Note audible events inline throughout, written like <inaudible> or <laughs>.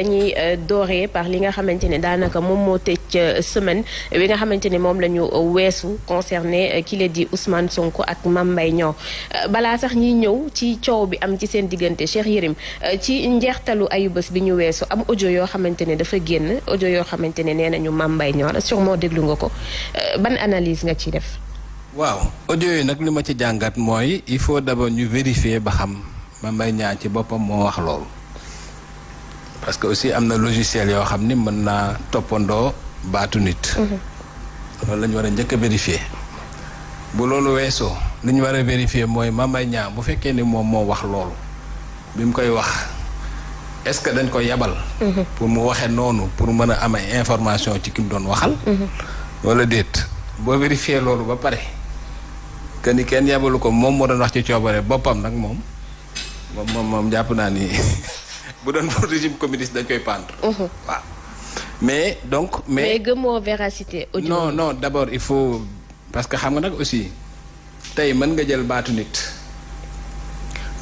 dañuy euh, dooree par li nga xamante ne daanaka moom moo tëj euh, semaine wi nga xamante ni moom la ñu euh, weesu concerné kile di Ousmane Sonko ak Mame Mbaye Niang balaa sax ñiy ñëw ci coow bi am ci seen diggante Cheikh Yérim ci njeextalu ayubés bi ñu weesu am audio yoo xamante ne dafa génn audio yoo xamante ne nee nañu Mame Mbaye Niang moo déglu nga ko ban analyse nga ci def. waaw audio yi nag li ma ci jàngat mooy il faut d'abord ñu vérifier ba xam Mame Mbaye Niang ci boppam moo wax loolu. parce que aussi am na logiciel yoo xam ni mën naa toppandoo baatu nit mhm. loolu la ñu war a njëkk a vérifier bu loolu weesoo li ñu war vérifier mooy mamay bu ni wax koy wax est ce que dañ ko yabal mhm. pour mu waxee noonu pour amai a amee information ci ki doon waxal mhm. wala déet bo vérifier loolu ba pare que ni kenn yabalu ko moom moo doon wax ci coobare boppam ni <laughs> bu doon pour régime communiste dañ koy pendre. Mhm. mais donc. mais mais gëmoo véracité. non non D'abord, il faut parce que xam nga nak aussi tay man nga jël batu nit.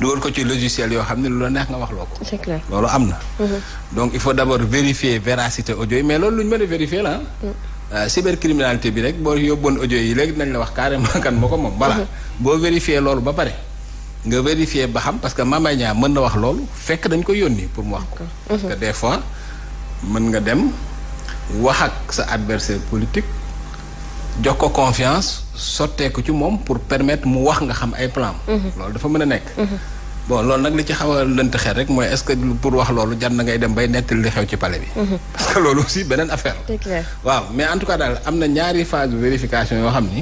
dugal ko ci logiciel yo xamni ne lu la neex nga wax loko c'est clair lolu amna. Mhm. donc il faut d'abord vérifier véracité audio mais lolu luñu ñu vérifier la hein. mhm. euh, cybercriminalité bi rek bo yobone audio yi léegi dinañ la wax carrément kan moko ko voilà bo vérifier lolu ba pare. nga vérifier ba xam parce que mamay Niang mën na wax lool fekk dañ ko yoni pour mu wax ko parce que mhm. des fois mën nga dem wax ak sa adversaire politique jox ko confiance sottee ko ci mom pour permettre mu wax nga xam ay plan mhm. lool dafa mëna a mhm. bon lool nak li ci xawa a lënt rek moy est ce que pour wax lool jar na ngay dem bay nettali li xew ci palais bi <laughs> parce que lool aussi benen affaire waaw mais en tout cas dal amna ñaari phase vérification yo xamni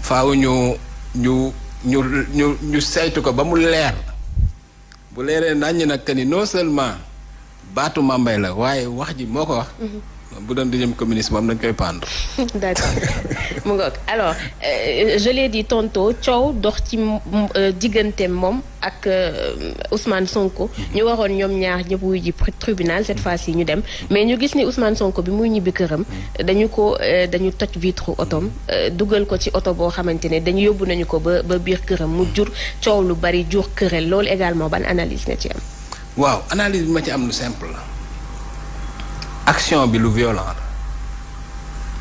faawu ñu ñu ñu ñu ñu saytu ko ba mu leer bu leeree naññ nag que ni non seulement baatu Mame la waaye wax ji moo ko wax mhm. bu doon deuxième communiste je koy <laughs> alors euh, je l'ai dit tantôt coow dox ci euh, diggante ak euh, Ousmane Sonko. Mhm. ñu waroon ñoom ñaar nous wuy ji tribunal cette fois-ci nous dem mais ñu gis ni Ousmane Sonko bi muy nous këram. Mhm. dañu ko dañu vitre otom dugal ko ci oto nous avons ne dañu yóbbu nañu ko ba ba biir këram mu jur avons lu bari également ban analyse analyse ma simple action bi lu violent la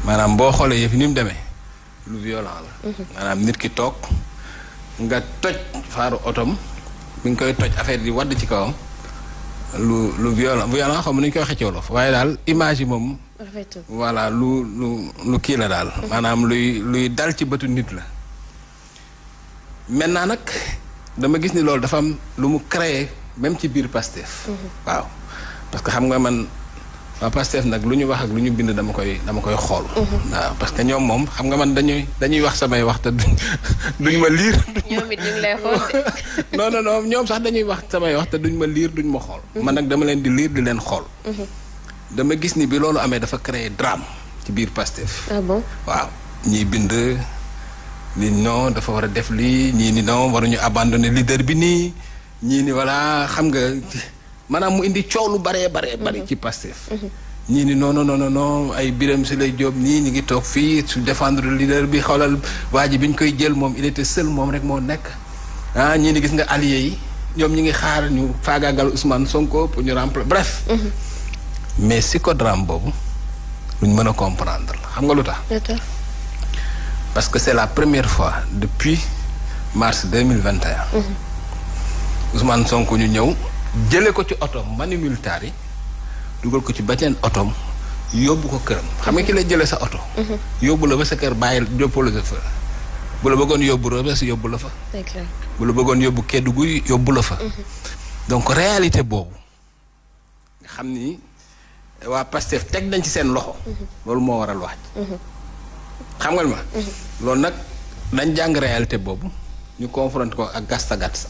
maanaam boo xoolee yëf ni mu demee lu violent la. Mhm. maanaam nit ki toog nga toj faaru otom mi ngi koy toj affaire di wadd ci kawam lu lu violent violent xam nañu koy waxee ci wolof waaye daal image moom. voilà lu lu lu kii la daal. Mhm. maanaam luy luy dal ci bëtu nit la. maintenant nag dama gis ni loolu dafa am lu mu créer même ci biir Pastef. Mhm. waaw parce xam nga man. waa nag lu ñu wax ak lu ñu bind dama koy dama koy xool. waaw parce que ñoom moom xam nga man dañuy dañuy wax samay wax te duñ <laughs> ma liir. ñoom it duñ <laughs> ñoom sax dañuy wax samay wax duñ ma liir duñ ma xool. Mhm. man nag dama leen di liir di leen xool. Mhm. dama gis ni bi loolu amee dafa créer drame ci biir Pastef. ah bon waaw ñiy bind li non dafa war a def lii ñii ni non waruñu abandonné leader bi nii ñii ni voilà xam nga. manam mu indi coow lu bare bare bari ci Pastef ñii ni non non non non ay biram ci lay job ni ñi ngi tok fi su défendre leader bi xolal waji biñ koy jël mom il était seul mom rek mo nek ah ñii ni gis nga allié yi ñom ñi ngi xaar ñu faagaagal Ousmane Sonko pour ñu remplacer bref. mais psychodrame bobu luñ mëna comprendre xam nga lu tax. parce que c'est la première fois depuis mars 2021 mhm. Ousmane Sonko ñu ñëw. jële ko ci otom manimultaar yi dugal ko ci beneen otom yóbbu ko këram xam nga ki la jële sa oto mhm. yóbbu la ba sa kër bàyyi yóbbu la fa bu la bëggoon yóbbu Rebeuss yóbbu la fa bu la bëggoon yóbbu Kédougou yóbbu la fa mhm. donc réalité boobu nga xam ni waa Pastef teg nañ ci seen loxo mhm. loolu moo waral wax xam nga ma loolu nag dañ jàng réalité boobu ñu confronté ko ak gasta gatsa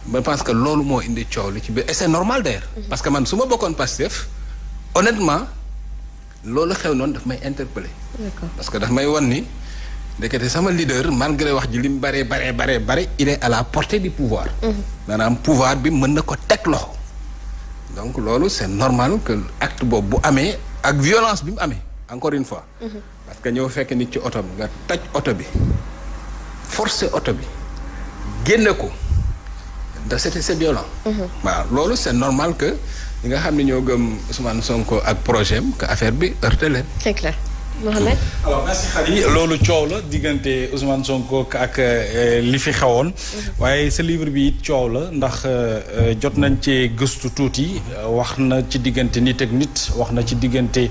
je bah, pense que loolu moo indi coow li ci c'est normal d'ailleurs mhm. parce que man su ma bokkoon Pastef honnêtement loolu xew noonu daf may interpellé parce que daf may wan ni ndekete sama leader malgré wax ji li baré, baré, baré, baree il est à la portée du pouvoir mhm. maanaam pouvoir bi mën na ko teg loxo donc loolu c'est normal que acte boobu bu amee ak violence bi mu amee encore une fois mhm. parce que ñëw fekk nit ci oto bi nga taj oto bi forcer oto bi génne ko da c'était c'est violent. Mhm. waaw loolu c'est normal que ñi nga xam ne ñoo gëm Ousmane Sonko ak projet am affaire bi heurte leen. c'est Mohamed alors merci Khady loolu coow la diggante Ousmane Sonko ak euh, euh, li fi xewoon mhm. waaye sa livre bi it coow la ndax euh, jot ci gëstu tuuti wax na ci diggante nit ak nit wax na ci diggante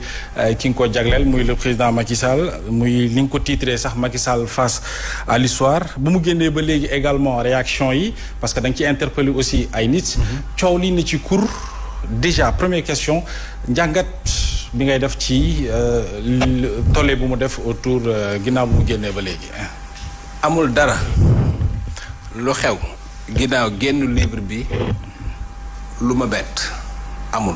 ki nga ko jagleel muy le président Macky Sall muy li nga sax Macky Sall face à l'histoire bu mu génnee ba léegi également réaction yi parce que da nga ci interpellé aussi ay nit mhm. coow li ci cour déjà première question njàngat bi ngay def ci euh, tolle bu mu def autour euh, ginnaaw bu mu génnee ba léegi. amul dara lu xew ginnaaw génn livre bi lu ma bett amul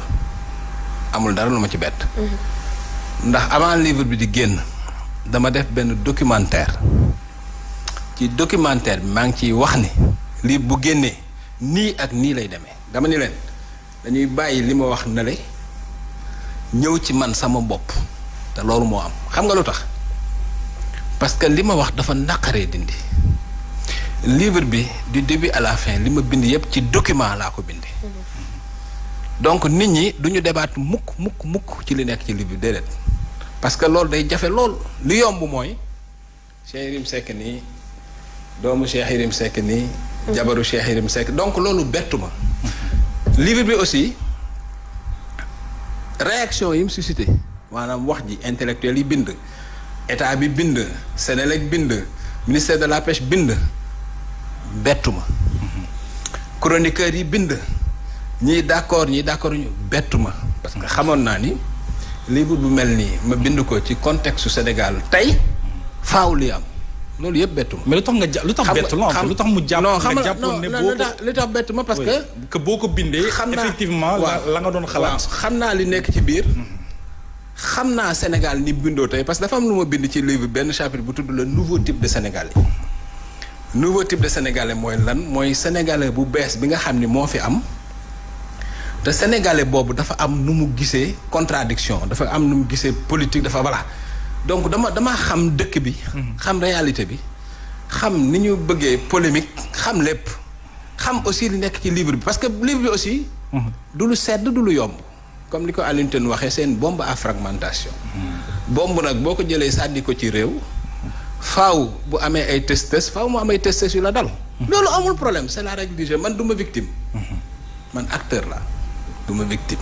amul dara lu ma ci bett. Mm-hmm. ndax avant livre bi di génn dama def benn documentaire ci documentaire bi maa ngi ciy wax ni livre bu génnee nii ak nii lay demee dama ni leen dañuy bàyyi li ma wax na le ñëw ci man sama bopp te loolu moo am xam nga lu tax parce que li ma wax dafa naqaree dindi livre bi du début à la fin li ma bind yépp ci document laa ko bindi donc nit ñi du ñu débat mukk mukk mukk ci li nekk ci livre bi déedéet parce que loolu day jafe lool li yomb mooy Cheikh Yérim Seck nii doomu Cheikh Yérim sekk nii jabaru Cheikh Yérim Seck donc loolu bettu ma livre bi aussi réaction yi mu suscité maanaam wax ji intellectuel yi bind état bi bind sénégalais bind ministère de la pêche bind betuma, chroniqueur yi bind ñi d'accord ñi d'accord ñu parce que xamoon naa ni livre bu mel me ma bind ko ci contexte Sénégal tay faaw li am loolu yëpp bettu ma. mais lu tax nga ja lu tax bettu la lu tax mu jàpp nga jàppoon ne boo ko lu tax bettu ma parce que. que boo ko bindee. xam naa la nga doon xalaat. xam naa li nekk ci biir. xam naa Sénégal ni bindoo tey parce que dafa am lu ma bind ci livre benn chapitre bu tudd le nouveau type de sénégalais. nouveau type de sénégalais mooy lan mooy sénégalais bu bees bi nga xam ni moo fi am. te sénégalais boobu dafa am nu mu gisee contradiction dafa am nu mu gisee politique dafa voilà. donc dama dama xam dëkk bi. Hmm. xam réalité bi. xam ni ñu polémique xam lépp xam aussi li nekk ci livre bi parce que livre bi aussi. Hmm. du lu sedd du lu yomb. comme ni ko Alioune Tine waxee seen bombe à fragmentation. Hmm. bombe nag boo ko jëlee sànni ko ci réew. faaw bu amee ay test test faaw mu am ay test test yu la dal. loolu amul problème c'est la règle du jeu man du victime. man acteur la du victime.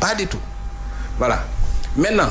pas du tout voilà maintenant.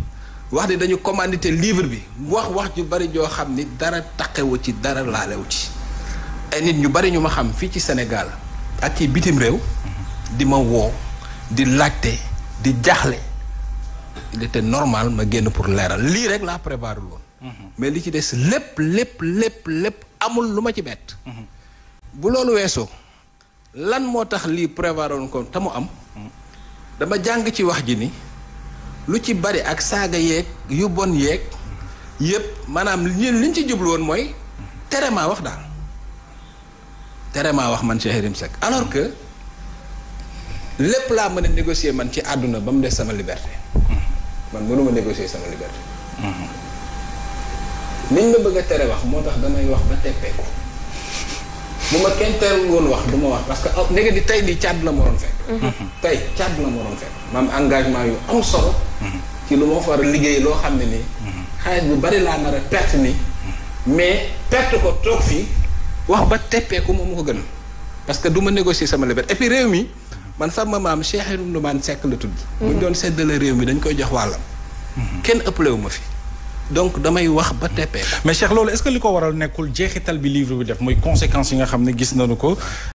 wax ni dañu commandité livre bi wax wax ju bari joo xam ni dara taqewu ci dara laalewu ci ay nit ñu bari ñu ma xam fii ci Sénégal ak ci bitim réew di ma woo di laajte di jaaxle il était normal ma génn pour leeral lii rek laa prévoir woon mhm. mais li ci des lépp lépp lépp lépp amul lu ma ci bett mhm. bu loolu weesoo lan moo tax lii prévoir woon ko te mu am mhm. dama jàng ci wax ji ni lu ci bari ak saaga yeeg yu bon yeeg yëpp maanaam ñun liñ ci jublu woon mooy tere maa wax daal tere maa wax man Cheikh Yérim Seck alors que lépp laa ma a négocier man ci àdduna ba mu des sama liberté man mënuma négocier sama liberté mm-hmm. liñ ma bëgg a tere wax moo tax damay wax ba teppeeku bu ma kenn teelul woon wax du ma wax parce que ndege di tey di càdd la ma doon fekk. tey càdd la ma doon fekk. ma engagement yu am solo. ci lu ma fa war a liggéey loo xam ne nii. xaalis bu bari laa nar a perte nii. mais perte ko toog fii wax ba teppeeku moom mu ko gën parce que du ma négocier sama lebet et puis réew mi man sama maam Cheikh Ibrahima Seck la tudd. bu ñu doon séddale réew mi dañ koy jox wàllam. kenn ëppalewu ma fi. donc damay wax ba teppee mais Cheikh loolu est-ce que liko waral nekul jeexital bi livre bi def moy conséquences yi nga xamné gis nañu ko